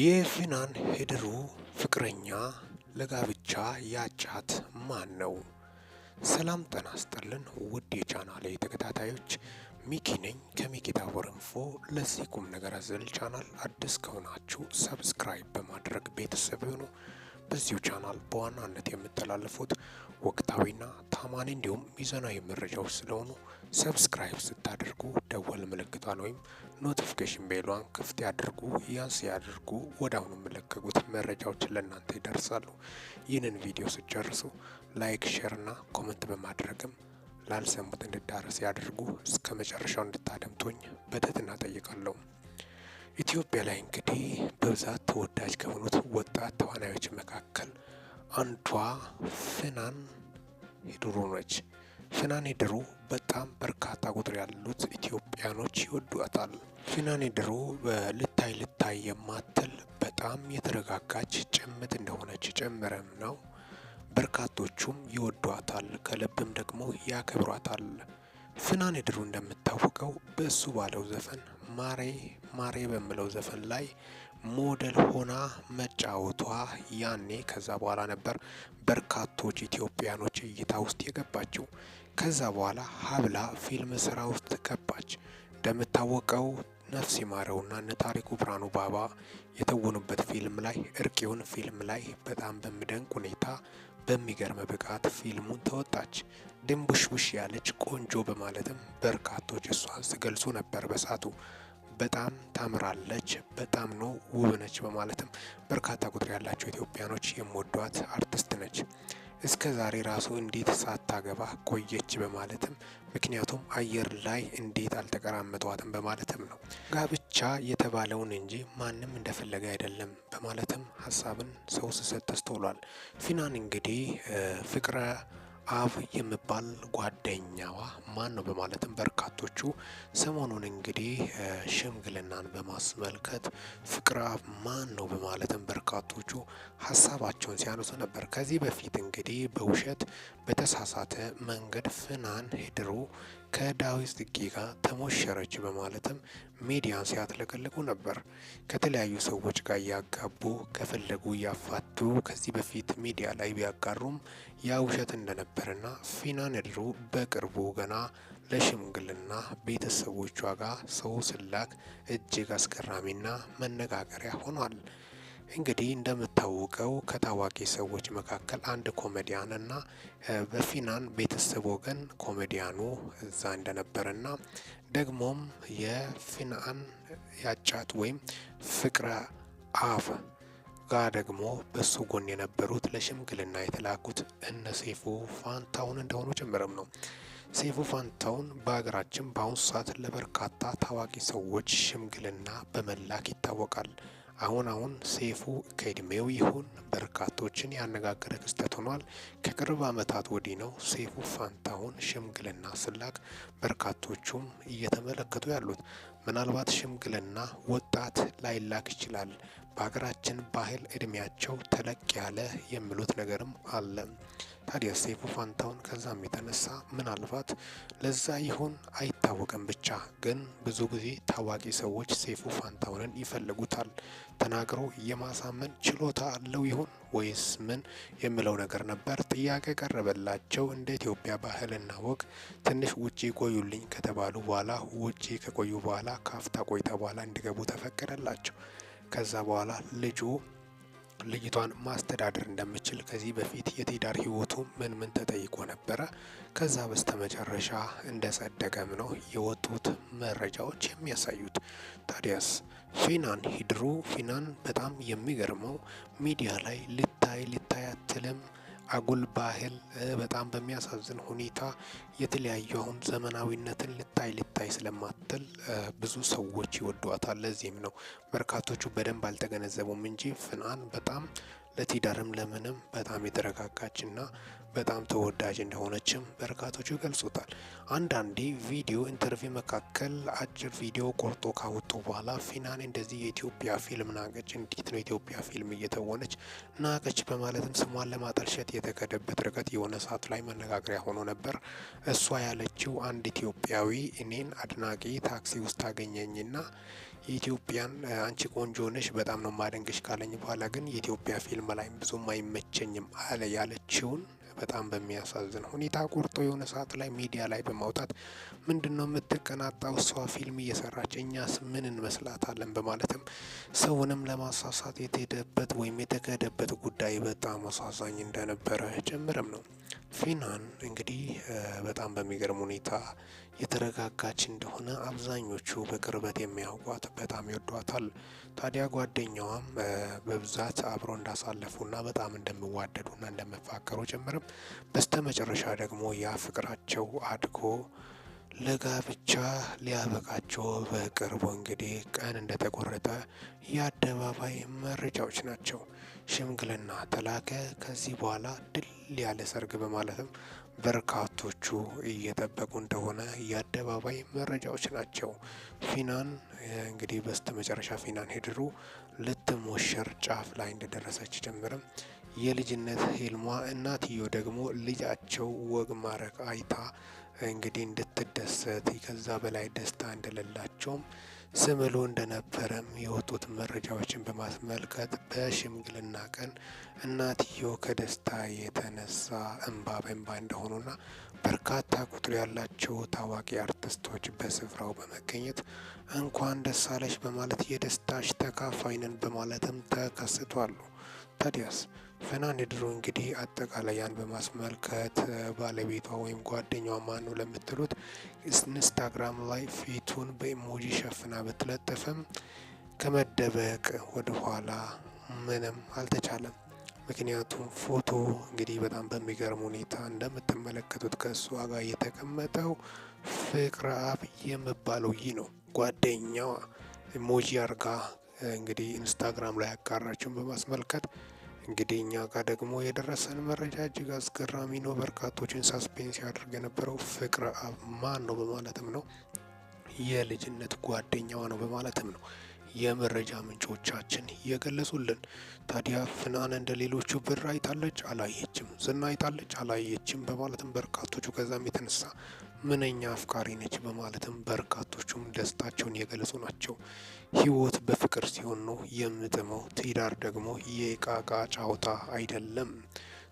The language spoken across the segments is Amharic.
የፍናን ሄድሩ ፍቅረኛ ለጋብቻ ያጫት ማን ነው? ሰላም ጤና ይስጥልን ውድ የቻናሌ ተከታታዮች ሚኪ ነኝ ከሚኪታ ወርንፎ። ለዚህ ቁም ነገር አዘል ቻናል አዲስ ከሆናችሁ ሰብስክራይብ በማድረግ ቤተሰብ ይሁኑ። በዚሁ ቻናል በዋናነት የምተላለፉት ወቅታዊና ታማኒ እንዲሁም ሚዛናዊ መረጃዎች ስለሆኑ ሰብስክራይብ ስታደርጉ ደወል ምልክቷን ወይም ኖቲፊኬሽን ቤሏን ክፍት ያድርጉ። ያንስ ያድርጉ። ወደ አሁኑ የሚለቀቁት መረጃዎችን ለእናንተ ይደርሳሉ። ይህንን ቪዲዮ ስጨርሱ ላይክ፣ ና ኮመንት በማድረግም ላልሰሙት እንድዳረስ ያድርጉ። እስከ መጨረሻው እንድታደምጡኝ በትህትና ጠይቃለሁ። ኢትዮጵያ ላይ እንግዲህ በብዛት ተወዳጅ ከሆኑት ወጣት ተዋናዮች መካከል አንዷ ፍናን ሂሩሩ ነች። ፍናን ሂሩሩ በጣም በርካታ ቁጥር ያሉት ኢትዮጵያኖች ይወዷታል። ፍናን ሂሩሩ በልታይ ልታይ የማትል በጣም የተረጋጋች ጭምት እንደሆነች ጨምረም ነው። በርካቶቹም ይወዷታል፣ ከልብም ደግሞ ያከብሯታል። ፍናን ሂሩሩ እንደምታወቀው በእሱ ባለው ዘፈን ማሬ ማሬ በሚለው ዘፈን ላይ ሞዴል ሆና መጫወቷ ያኔ ከዛ በኋላ ነበር በርካቶች ኢትዮጵያኖች እይታ ውስጥ የገባችው። ከዛ በኋላ ሀብላ ፊልም ስራ ውስጥ ገባች። እንደምታወቀው ነፍስ ይማረውና እነ ታሪኩ ብርሃኑ ባባ የተወኑበት ፊልም ላይ እርቂውን ፊልም ላይ በጣም በሚደንቅ ሁኔታ በሚገርም ብቃት ፊልሙን ተወጣች። ድንቡሽቡሽ ያለች ቆንጆ በማለትም በርካቶች እሷን ሲገልጹ ነበር በሳቱ በጣም ታምራለች፣ በጣም ነው ውብ ነች በማለትም በርካታ ቁጥር ያላቸው ኢትዮጵያኖች የምወዷት አርቲስት ነች። እስከ ዛሬ ራሱ እንዴት ሳታገባ ቆየች በማለትም ምክንያቱም አየር ላይ እንዴት አልተቀራመጧትም በማለትም ነው። ጋብቻ የተባለውን እንጂ ማንም እንደፈለገ አይደለም በማለትም ሀሳብን ሰው ስሰጥ ተስተውሏል። ፊናን እንግዲህ ፍቅረ አብ የሚባል ጓደኛዋ ማን ነው በማለትም በርካቶቹ ሰሞኑን እንግዲህ ሽምግልናን በማስመልከት ፍቅራ አብ ማን ነው በማለትም በርካቶቹ ሀሳባቸውን ሲያነሱ ነበር። ከዚህ በፊት እንግዲህ በውሸት በተሳሳተ መንገድ ፍናን ሄድሮ ከዳዊት ጽጌ ጋር ተሞሸረች በማለትም ሚዲያን ሲያጥለቀልቁ ነበር። ከተለያዩ ሰዎች ጋር እያጋቡ ከፈለጉ እያፋቱ ከዚህ በፊት ሚዲያ ላይ ቢያጋሩም ያ ውሸት እንደነበርና ፊናንድሩ በቅርቡ ገና ለሽምግልና ቤተሰቦቿ ጋር ሰው ስላክ እጅግ አስገራሚና መነጋገሪያ ሆኗል። እንግዲህ እንደምታወቀው ከታዋቂ ሰዎች መካከል አንድ ኮሜዲያን እና በፊናን ቤተሰብ ወገን ኮሜዲያኑ እዛ እንደነበረና ደግሞም የፊናን ያጫት ወይም ፍቅረ አብ ጋር ደግሞ በሱ ጎን የነበሩት ለሽምግልና የተላኩት እነ ሴፉ ፋንታውን እንደሆኑ ጭምርም ነው። ሴፉ ፋንታውን በሀገራችን በአሁኑ ሰዓት ለበርካታ ታዋቂ ሰዎች ሽምግልና በመላክ ይታወቃል። አሁን አሁን ሰይፉ ከእድሜው ይሁን በርካቶችን ያነጋገረ ክስተት ሆኗል። ከቅርብ ዓመታት ወዲህ ነው ሰይፉ ፋንታሁን ሽምግልና ስላቅ በርካቶቹም እየተመለከቱ ያሉት። ምናልባት ሽምግልና ወጣት ላይላክ ይችላል፣ በሀገራችን ባህል እድሜያቸው ተለቅ ያለ የሚሉት ነገርም አለ። ታዲያ ሰይፉ ፋንታሁን ከዛም የተነሳ ምናልባት ለዛ ይሆን አይታወቅም። ብቻ ግን ብዙ ጊዜ ታዋቂ ሰዎች ሰይፉ ፋንታሁንን ይፈልጉታል። ተናግሮ የማሳመን ችሎታ አለው ይሆን ወይስ ምን የሚለው ነገር ነበር ጥያቄ ቀረበላቸው። እንደ ኢትዮጵያ ባህልና ወግ ትንሽ ውጪ ቆዩልኝ ከተባሉ በኋላ ውጪ ከቆዩ በኋላ ካፍታ ቆይታ በኋላ እንዲገቡ ተፈቀደላቸው። ከዛ በኋላ ልጁ ልጅቷን ማስተዳደር እንደምችል ከዚህ በፊት የትዳር ህይወቱ ምን ምን ተጠይቆ ነበረ። ከዛ በስተመጨረሻ እንደጸደቀም ነው የወጡት መረጃዎች የሚያሳዩት። ታዲያስ ፊናን ሂድሩ ፊናን በጣም የሚገርመው ሚዲያ ላይ ልታይ ልታይ አትልም አጉል ባህል በጣም በሚያሳዝን ሁኔታ የተለያዩ አሁን ዘመናዊነትን ልታይ ልታይ ስለማትል ብዙ ሰዎች ይወዷታል። ለዚህም ነው በርካቶቹ በደንብ አልተገነዘቡም እንጂ ፍናን በጣም ለትዳርም ለምንም በጣም የተረጋጋችና በጣም ተወዳጅ እንደሆነችም በርካቶቹ ይገልጹታል። አንዳንዴ ቪዲዮ ኢንተርቪው መካከል አጭር ቪዲዮ ቆርጦ ካወጡ በኋላ ፊናን እንደዚህ የኢትዮጵያ ፊልም ናቀች፣ እንዴት ነው ኢትዮጵያ ፊልም እየተወነች ናቀች በማለትም ስሟን ለማጠልሸት የተከደበት ርቀት የሆነ ሰዓት ላይ መነጋገሪያ ሆኖ ነበር። እሷ ያለችው አንድ ኢትዮጵያዊ እኔን አድናቂ ታክሲ ውስጥ አገኘኝና የኢትዮጵያን አንቺ ቆንጆ ነሽ በጣም ነው ማደንቅሽ ካለኝ በኋላ ግን የኢትዮጵያ ፊልም ላይ ብዙም አይመቸኝም አለ ያለችውን በጣም በሚያሳዝን ሁኔታ ቆርጦ የሆነ ሰዓት ላይ ሚዲያ ላይ በማውጣት ምንድን ነው የምትቀናጣው? እሷ ፊልም እየሰራች እኛስ ምን እንመስላታለን? በማለትም ሰውንም ለማሳሳት የተሄደበት ወይም የተካሄደበት ጉዳይ በጣም አሳዛኝ እንደነበረ ጭምርም ነው። ፊናን እንግዲህ በጣም በሚገርም ሁኔታ የተረጋጋች እንደሆነ አብዛኞቹ በቅርበት የሚያውቋት በጣም ይወዷታል። ታዲያ ጓደኛዋም በብዛት አብሮ እንዳሳለፉና በጣም እንደሚዋደዱና እንደሚፋቀሩ ጭምርም በስተመጨረሻ ደግሞ ያ ፍቅራቸው አድጎ ለጋብቻ ሊያበቃቸው በቅርቡ እንግዲህ ቀን እንደተቆረጠ የአደባባይ መረጃዎች ናቸው። ሽምግልና ተላከ። ከዚህ በኋላ ድል ያለ ሰርግ በማለትም በርካቶቹ እየጠበቁ እንደሆነ የአደባባይ መረጃዎች ናቸው። ፊናን እንግዲህ በስተ መጨረሻ ፊናን ሄድሩ ልትሞሸር ጫፍ ላይ እንደደረሰች ጀምርም የልጅነት ህልሟ እናትዮ ደግሞ ልጃቸው ወግ ማረግ አይታ እንግዲህ እንድትደሰት ከዛ በላይ ደስታ እንደሌላቸውም ስምሉ እንደነበረም የወጡት መረጃዎችን በማስመልከት በሽምግልና ቀን እናትየው ከደስታ የተነሳ እንባ በእንባ እንደሆኑና በርካታ ቁጥር ያላቸው ታዋቂ አርቲስቶች በስፍራው በመገኘት እንኳን ደስ አለሽ በማለት የደስታሽ ተካፋይ ነን በማለትም ተከስቷሉ። ታዲያስ ፈናን ድሮ እንግዲህ አጠቃላይ ያን በማስመልከት ባለቤቷ ወይም ጓደኛዋ ማን ነው ለምትሉት ኢንስታግራም ላይ ፊቱን በኢሞጂ ሸፍና ብትለጥፍም ከመደበቅ ወደኋላ ምንም አልተቻለም። ምክንያቱም ፎቶ እንግዲህ በጣም በሚገርም ሁኔታ እንደምትመለከቱት ከእሷ ጋር የተቀመጠው ፍቅረ አብ የምባለው ይህ ነው። ጓደኛዋ ኢሞጂ አርጋ እንግዲህ ኢንስታግራም ላይ ያጋራቸውን በማስመልከት እንግዲህ እኛ ጋር ደግሞ የደረሰን መረጃ እጅግ አስገራሚ ነው። በርካቶችን ሳስፔንስ ያደርግ የነበረው ፍቅረ አብ ማን ነው በማለትም ነው የልጅነት ጓደኛዋ ነው በማለትም ነው የመረጃ ምንጮቻችን የገለጹልን። ታዲያ ፍናን እንደ ሌሎቹ ብር አይታለች አላየችም፣ ዝና አይታለች አላየችም በማለትም በርካቶቹ ከዛም የተነሳ ምንኛ አፍቃሪ ነች በማለትም በርካቶቹም ደስታቸውን የገለጹ ናቸው። ህይወት በፍቅር ሲሆን ነው የምጥመው፣ ትዳር ደግሞ የቃቃ ጫወታ አይደለም።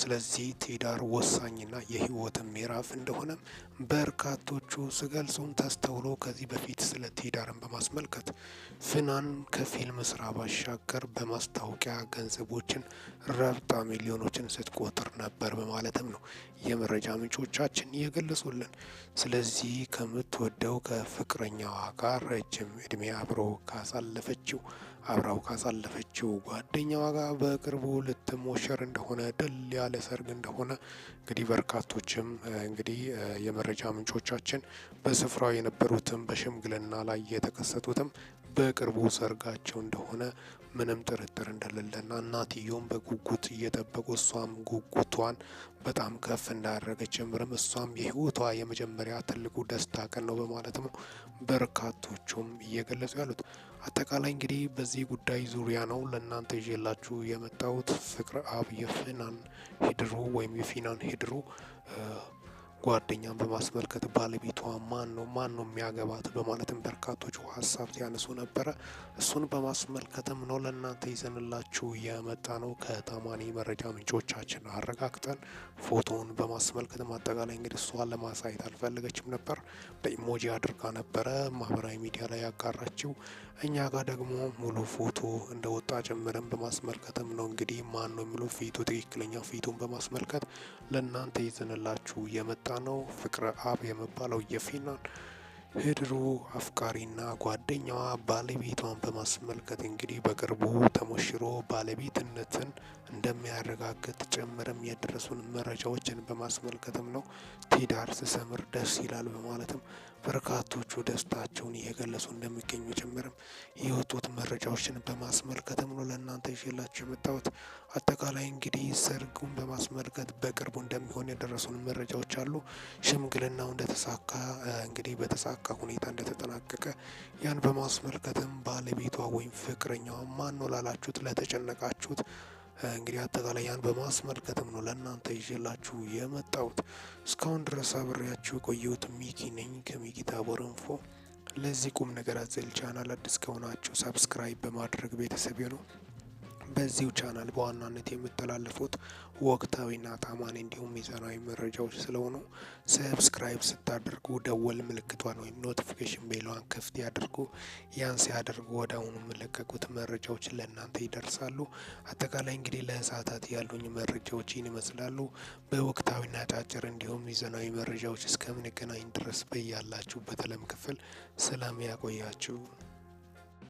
ስለዚህ ትዳር ወሳኝና የህይወት ምዕራፍ እንደሆነም በርካቶቹ ስገልጹም ተስተውሎ ከዚህ በፊት ስለ ትዳርን በማስመልከት ፍናን ከፊልም ስራ ባሻገር በማስታወቂያ ገንዘቦችን ረብጣ ሚሊዮኖችን ስትቆጥር ነበር በማለትም ነው የመረጃ ምንጮቻችን እየገለጹልን። ስለዚህ ከምትወደው ከፍቅረኛዋ ጋር ረጅም እድሜ አብሮ ካሳለፈችው አብራው ካሳለፈችው ጓደኛዋ ጋር በቅርቡ ልትሞሸር እንደሆነ ድል ያለ ሰርግ እንደሆነ እንግዲህ በርካቶችም እንግዲህ የመረጃ ምንጮቻችን በስፍራው የነበሩትም በሽምግልና ላይ የተከሰቱትም በቅርቡ ሰርጋቸው እንደሆነ ምንም ጥርጥር እንደሌለና እናትየውም በጉጉት እየጠበቁ እሷም ጉጉቷን በጣም ከፍ እንዳደረገ ጭምርም እሷም የህይወቷ የመጀመሪያ ትልቁ ደስታ ቀን ነው ነው በርካቶቹም እየገለጹ ያሉት። አጠቃላይ እንግዲህ በዚህ ጉዳይ ዙሪያ ነው ለእናንተ ይዤላችሁ የመጣሁት። ፍቅር አብ የፍናን ሂድሩ ወይም የፊናን ሂድሩ ጓደኛን በማስመልከት ባለቤቷ ማን ነው ማን ነው የሚያገባት በማለትም በርካቶች ሀሳብ ሲያነሱ ነበረ። እሱን በማስመልከትም ነው ለእናንተ ይዘንላችሁ የመጣ ነው። ከታማኒ መረጃ ምንጮቻችን አረጋግጠን ፎቶውን በማስመልከትም አጠቃላይ እንግዲህ እሷ ለማሳየት አልፈለገችም ነበር። በኢሞጂ አድርጋ ነበረ ማህበራዊ ሚዲያ ላይ ያጋራችው። እኛ ጋር ደግሞ ሙሉ ፎቶ እንደወጣ ጭምርም በማስመልከትም ነው እንግዲህ ማን ነው የሚለው ፊቱ ትክክለኛ ፊቱን በማስመልከት ለእናንተ ይዘንላችሁ የመጣ ነው። ፍቅረ አብ የሚባለው የፊናን ህድሩ አፍቃሪና ጓደኛዋ ባለቤቷን በማስመልከት እንግዲህ በቅርቡ ተሞሽሮ ባለቤትነትን እንደሚያረጋግጥ ጭምርም የደረሱን መረጃዎችን በማስመልከትም ነው ትዳር ስሰምር ደስ ይላል በማለትም በርካቶቹ ደስታቸውን እየገለጹ እንደሚገኙ ጭምርም የወጡት መረጃዎችን በማስመልከትም ነው ለእናንተ ይዤላችሁ የመጣሁት። አጠቃላይ እንግዲህ ሰርጉን በማስመልከት በቅርቡ እንደሚሆን የደረሱን መረጃዎች አሉ። ሽምግልናው እንደተሳካ እንግዲህ በተሳካ ሁኔታ እንደተጠናቀቀ ያን በማስመልከትም ባለቤቷ ወይም ፍቅረኛዋ ማን ነው ላላችሁት ለተጨነቃችሁት እንግዲህ አጠቃላይ ያን በማስመልከትም ነው ለእናንተ ይዤላችሁ የመጣሁት። እስካሁን ድረስ አብሬያችሁ የቆየሁት ሚኪ ነኝ ከሚኪ ታቦር ኢንፎ። ለዚህ ቁም ነገር አዘል ቻናል አዲስ ከሆናችሁ ሰብስክራይብ በማድረግ ቤተሰብ ነው። በዚሁ ቻናል በዋናነት የሚተላለፉት ወቅታዊና ታማኒ እንዲሁም ሚዛናዊ መረጃዎች ስለሆኑ ሰብስክራይብ ስታደርጉ ደወል ምልክቷን ወይም ኖቲፊኬሽን ቤሏን ክፍት ያደርጉ። ያን ሲያደርጉ ወደ አሁኑ የሚለቀቁት መረጃዎች ለእናንተ ይደርሳሉ። አጠቃላይ እንግዲህ ለእሳታት ያሉኝ መረጃዎችን ይመስላሉ። በወቅታዊና አጫጭር እንዲሁም ሚዛናዊ መረጃዎች እስከምንገናኝ ድረስ በያላችሁበት ዓለም ክፍል ሰላም ያቆያችሁ።